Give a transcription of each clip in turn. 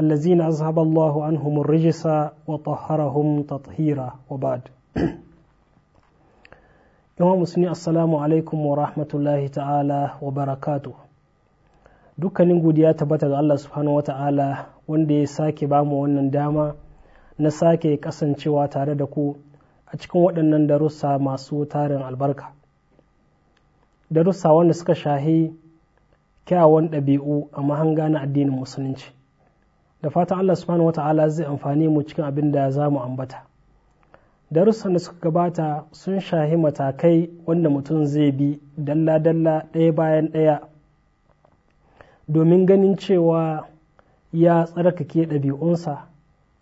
allazina azhaba Allahu anhum rijsa wa tahharahum tathira wa ba'd yawan musulmi assalamu alaikum wa rahmatullahi ta'ala wa barakatu dukkanin godiya tabbata ga Allah subhanahu wa ta'ala wanda ya sake bamu wannan dama na sake kasancewa tare da ku a cikin waɗannan darussa masu tarin albarka darussa wanda suka shahi kyawun ɗabi'u a mahanga na addinin musulunci da fatan Allah subhanahu wa ta'ala zai amfani mu cikin abin da za mu ambata darussan da suka gabata sun shahi matakai wanda mutum zai bi dalla-dalla ɗaya bayan ɗaya domin ganin cewa ya tsarkake ɗabi'unsa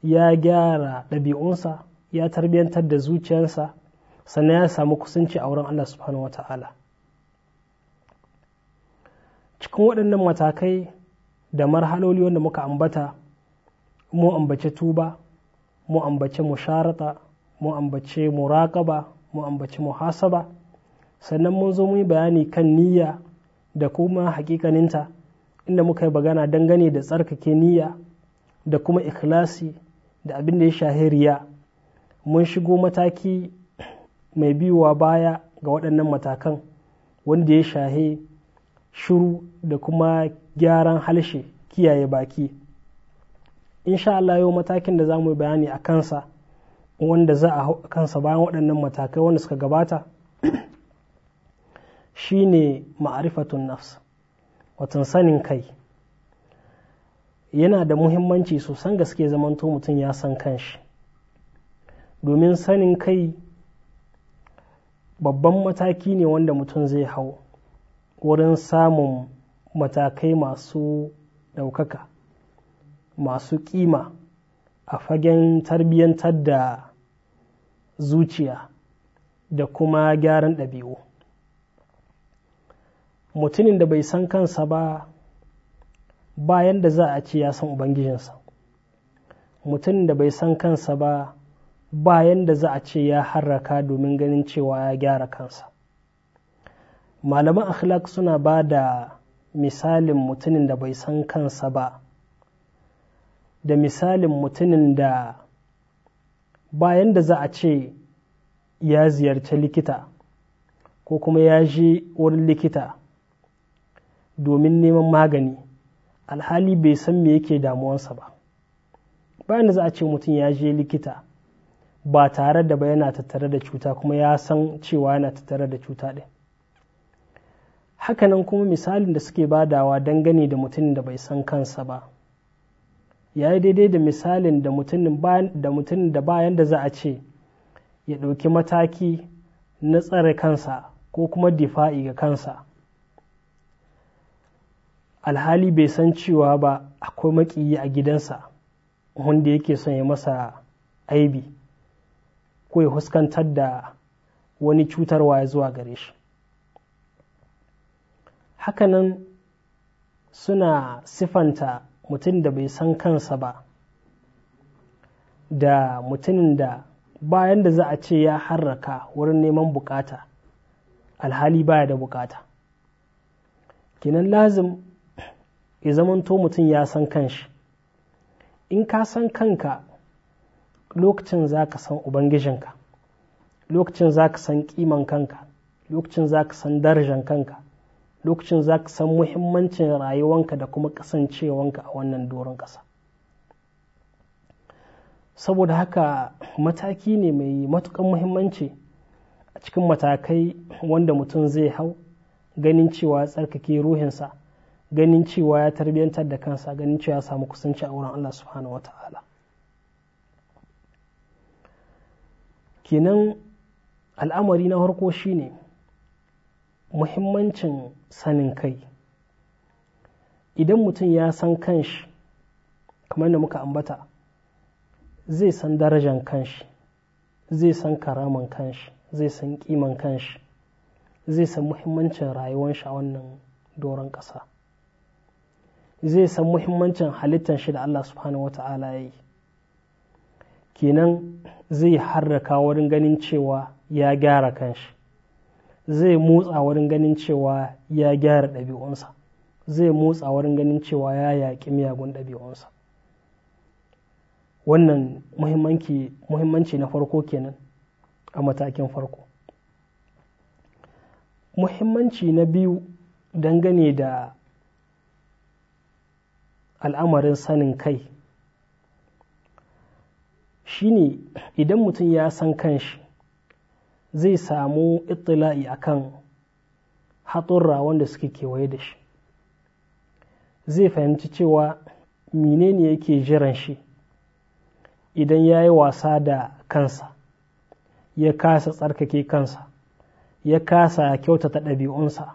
ya gyara ɗabi'unsa ya tarbiyyantar da zuciyarsa sannan ya samu kusanci a wurin Allah subhanahu wa ta'ala cikin waɗannan matakai da marhaloli wanda muka ambata mu ambace tuba mu ambace musharata mu ambace muraƙaba mu ambace muhasaba sannan mun zo mun yi bayani kan niyya da kuma hakikaninta inda muka yi bagana dangane da tsarkake niyya da kuma ikhlasi da abin da ya shahi riya mun shigo mataki mai biyuwa baya ga waɗannan matakan wanda ya shahe shiru da kuma gyaran halshe kiyaye baki insha Allah yau matakin da za mu bayani a kansa wanda za a kansa bayan waɗannan matakai wanda suka gabata Shi ne ma'arifatun nafs watan sanin kai yana da muhimmanci sosan gaske zamanto mutum ya san kanshi domin sanin kai babban mataki ne wanda mutum zai hau wurin samun matakai masu ɗaukaka masu kima a fagen tarbiyyantar da zuciya da kuma gyaran ɗabi'u mutumin da bai san kansa ba bayan da za a ce ya san ubangijinsa mutumin da bai san kansa ba bayan da za a ce ya harraka domin ganin cewa ya gyara kansa malaman akhlaq suna ba da misalin mutumin da bai san kansa ba da misalin mutumin da bayan da za a ce ya ziyarci likita ko kuma ya je wurin likita domin neman magani alhali bai san me yake damuwansa ba bayan da za a ce mutum ya je likita ba tare da ba yana tattare da cuta kuma ya san cewa yana tattare da cuta ɗin hakanan kuma misalin da suke badawa dangane da mutumin da bai san kansa ba ya yi daidai da misalin da mutumin da bayan da za a ce ya ɗauki mataki na tsare kansa ko kuma difa'i ga kansa alhali bai san cewa ba akwai makiyi a gidansa wanda yake son ya masa aibi ko ya huskantar da wani cutarwa ya zuwa gare shi hakanan suna sifanta mutum da bai san kansa ba da mutumin da bayan da za a ce ya harraka wurin neman bukata alhali baya da bukata kinan lazim ya zamanto mutum ya san kanshi in ka san kanka lokacin za ka san ubangijinka lokacin za ka san kiman kanka lokacin za ka san darajan kanka lokacin za ka san muhimmancin rayuwanka da kuma kasancewanka a wannan doron ƙasa saboda haka mataki ne mai matukan muhimmanci a cikin matakai wanda mutum zai hau ganin cewa ya tsarkake ruhinsa ganin cewa ya tarbiyantar da kansa ganin cewa ya samu kusanci a wurin Allah subhanahu wa ta'ala kenan al'amari na farko shine muhimmancin sanin kai idan mutum ya san kanshi kamar da muka ambata zai san darajan kanshi zai san karaman kanshi zai san kiman kanshi zai san muhimmancin rayuwar shi a wannan doron ƙasa zai san muhimmancin halittar shi da Allah subhanahu wa ta'ala ya yi kenan zai harraka wurin ganin cewa ya gyara kanshi zai motsa wurin ganin cewa ya gyara ɗabi'unsa zai motsa wurin ganin cewa ya yaƙi miyagun ɗabi'unsa wannan muhimmanci na farko kenan a matakin farko muhimmanci na biyu dangane da al'amarin sanin kai shine idan mutum ya san kanshi zai samu itila'i akan haturra wanda suke kewaye da shi zai fahimci cewa menene yake jiran shi idan ya yi wasa da kansa ya kasa tsarkake kansa ya kasa kyautata ɗabi'unsa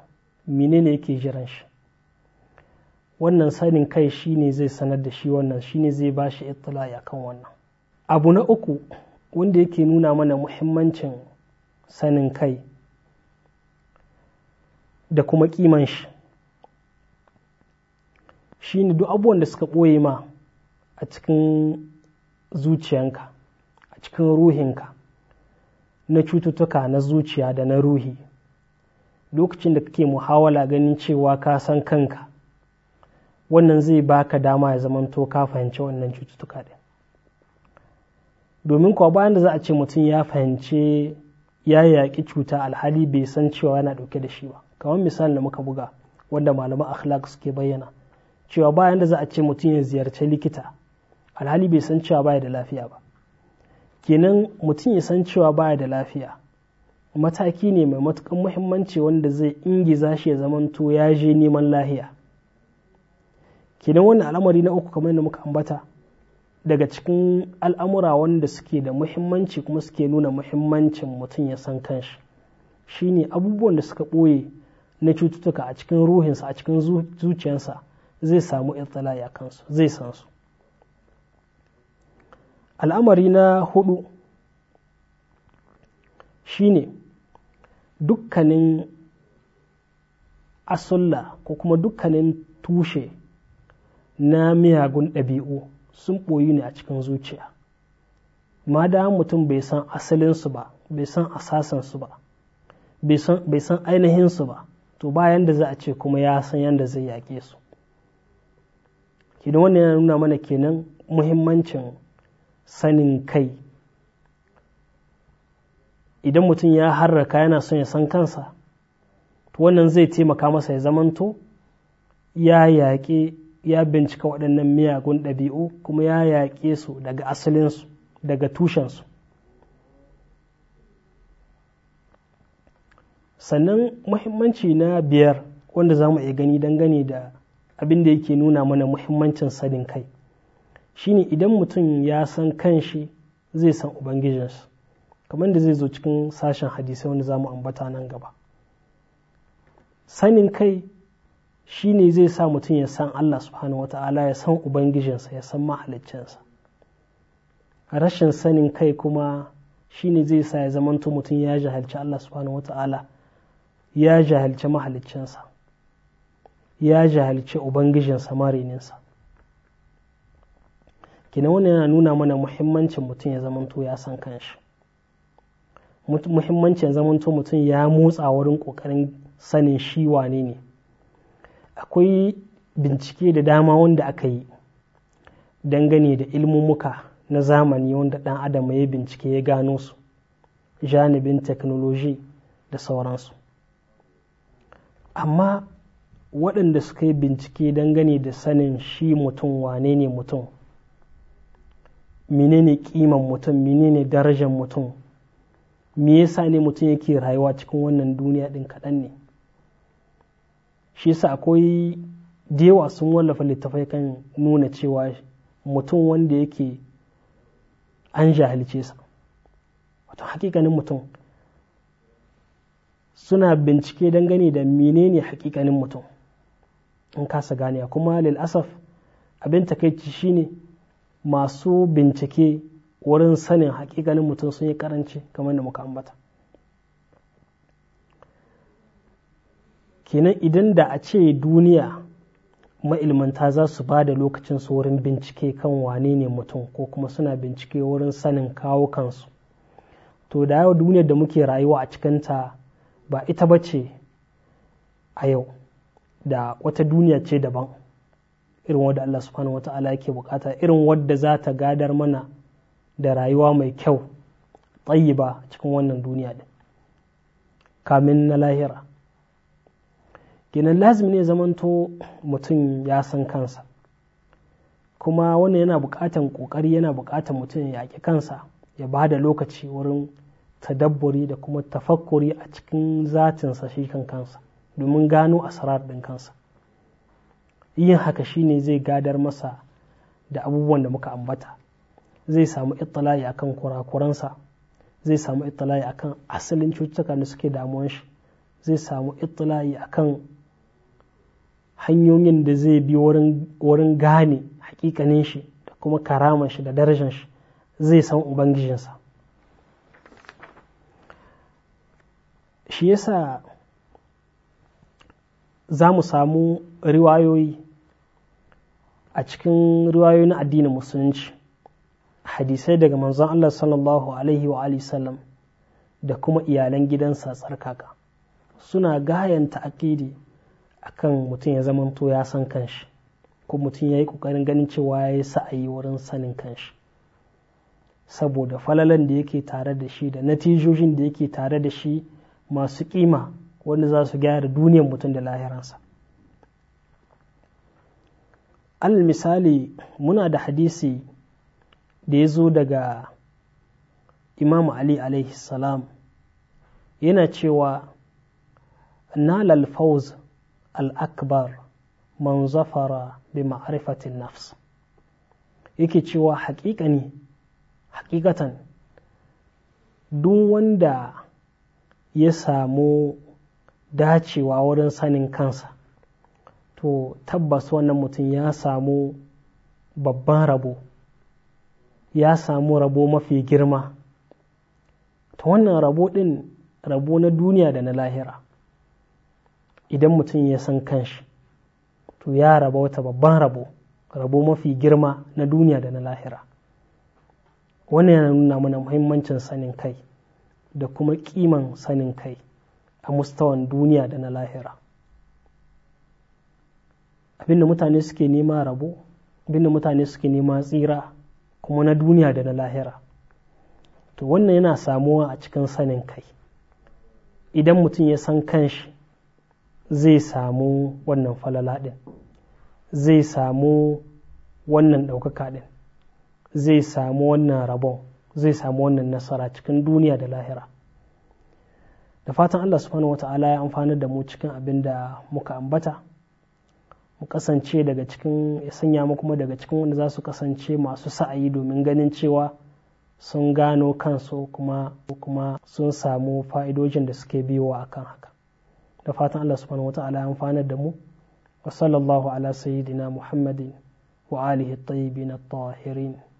menene yake jiran shi wannan sanin kai shine zai sanar da shi wannan shine zai ba shi itila'i akan wannan abu na uku wanda yake nuna mana muhimmancin sanin kai da kuma kiman shi shi ne duk abubuwan da suka ɓoye ma a cikin zuciyanka a cikin ruhinka na cututtuka na zuciya da na ruhi lokacin da kake muhawala ganin cewa ka san kanka wannan zai baka dama ya zamanto ka fahimci wannan cututtuka ɗin domin kuwa bayan da za a ce mutum ya fahimci ya yaƙi cuta alhali bai san cewa yana ɗauke da shi ba kamar misali da muka buga wanda malaman akhlaq suke bayyana cewa bayan da za a ce mutum ya ziyarci likita alhali bai san cewa baya da lafiya ba kenan mutum ya san cewa baya da lafiya mataki ne mai matukan muhimmanci wanda zai ingi za shi ya zamanto ya je neman lahiya kenan wannan al'amari na uku kamar yadda muka ambata daga cikin al'amura wanda suke da muhimmanci kuma suke nuna muhimmancin mutum ya san kanshi shi ne abubuwan da suka ɓoye na cututtuka a cikin ruhinsa a cikin zuciyarsa zai samu irtala'i kansu zai san su al'amari na hudu shi ne dukkanin asulla ko kuma dukkanin tushe na miyagun ɗabi'u sun ɓoyi ne a cikin zuciya ma da mutum bai san asalinsu ba bai san asasansu ba bai san ainihinsu ba to bayan da za a ce kuma ya san yadda zai yaƙe su kenan wannan yana nuna mana kenan muhimmancin sanin kai idan mutum ya harraka yana son ya san kansa to wannan zai taimaka masa ya zamanto ya yaƙe ya bincika waɗannan miyagun ɗabi'u kuma ya yaƙe su daga asalinsu daga tushensu sannan muhimmanci na biyar wanda za mu iya gani dangane da abin da yake nuna mana muhimmancin sanin kai shine idan mutum ya san kanshi zai san ubangijinsu kamar da zai zo cikin sashen hadisai wanda za mu ambata nan gaba sanin kai shi ne zai sa mutum ya san Allah subhanahu wa ta'ala ya san Ubangijinsa ya san mahaliccinsa rashin sanin kai kuma shi ne zai sa ya zamanto mutum ya jahalci Allah subhanahu wa ta'ala ya jahalci mahaliccinsa ya jahalci Ubangijinsa marininsa kina wani yana nuna mana muhimmancin mutum ya zamanto ya san kanshi muhimmancin zamanto mutum ya motsa wurin ƙoƙarin sanin shi wane ne akwai bincike da dama wanda aka yi dangane da ilmummuka na zamani wanda ɗan adam ya bincike ya gano su janibin teknoloji da sauransu amma waɗanda suka yi bincike dangane da sanin shi mutum wane ne mutum menene kiman mutum menene darajar mutum me yasa ne mutum yake rayuwa cikin wannan duniya ɗin kaɗan ne shi sa akwai da sun wallafa littafai kan nuna cewa mutum wanda yake an jahilce sa wato hakikanin mutum suna bincike dangane da menene hakikanin mutum in kasa gane kuma lil'asaf abin takaici shine masu bincike wurin sanin hakikanin mutum sun yi karanci kamar da muka ambata kenan idan da a ce duniya ma'ilmanta za su ba da lokacin su wurin bincike kan wane ne mutum ko kuma suna bincike wurin sanin kawo kansu to da yau duniyar da muke rayuwa a cikinta ba ita ba ce a yau da wata duniya ce daban irin wadda Allah subhanahu wata'ala yake bukata irin wadda za ta gadar mana da rayuwa mai kyau tsayi ba cikin wannan duniya din kamin na lahira kenan lazimi ne zamanto mutum ya san kansa kuma wannan yana bukatan ƙoƙari yana bukatan mutum ya yaƙi kansa ya ba da lokaci wurin tadabburi da kuma tafakkuri a cikin zatinsa shi kan kansa domin gano asarar ɗin kansa yin haka shine zai gadar masa da abubuwan da muka ambata zai samu ittala'i akan kurakuransa zai samu ittala'i akan asalin cututtuka da suke damuwan shi zai samu ittala'i akan hanyoyin da zai bi wurin gane hakikanin shi da kuma karaman shi da darajan shi zai san ubangijinsa shi yasa za mu samu riwayoyi a cikin riwayoyi na addinin musulunci hadisai daga manzon Allah sallallahu alaihi wa sallam da kuma iyalan gidansa tsarkaka suna gayanta aƙidi akan mutum ya zama zamanto ya san kanshi ko mutum ya yi ƙoƙarin ganin cewa ya yi sa'ayi wurin sanin kanshi saboda falalan da yake tare da shi da natijojin da yake tare da shi masu ƙima wanda za su gyara duniyar mutum da lahiransa al misali muna da hadisi da ya zo daga imamu ali alaihi salam yana cewa nalal fawz al'akbar man zafara bi ma'arifatin nafs yake cewa haƙiƙani haƙiƙatan duk wanda ya samu dacewa wurin sanin kansa to tabbas wannan mutum ya samu babban rabo ya samu rabo mafi girma ta wannan rabo ɗin rabo na duniya da na lahira idan mutum ya san kanshi to ya raba wata babban rabo rabo mafi girma na duniya da na lahira wannan yana nuna mana muhimmancin sanin kai da kuma kiman sanin kai a mustawan duniya da na lahira abinda mutane suke nema rabo abinda mutane suke nema tsira kuma na duniya da na lahira to wannan yana samuwa a cikin sanin kai idan mutum ya san kanshi zai samu wannan falala ɗin zai samu wannan ɗaukaka ɗin zai samu wannan rabon zai samu wannan nasara cikin duniya da lahira da fatan Allah subhanahu wa ta'ala ya amfani da mu cikin abin da muka ambata mu kasance daga cikin ya sanya mu kuma daga cikin wanda za su kasance masu sa'ayi domin ganin cewa sun gano kansu kuma sun samu fa'idojin da suke biyowa akan haka da fatan Allah subhanahu wata'ala ya amfanar da mu wa sallallahu ala sayyidina muhammadin wa alihi at-tayyibin at-tahirin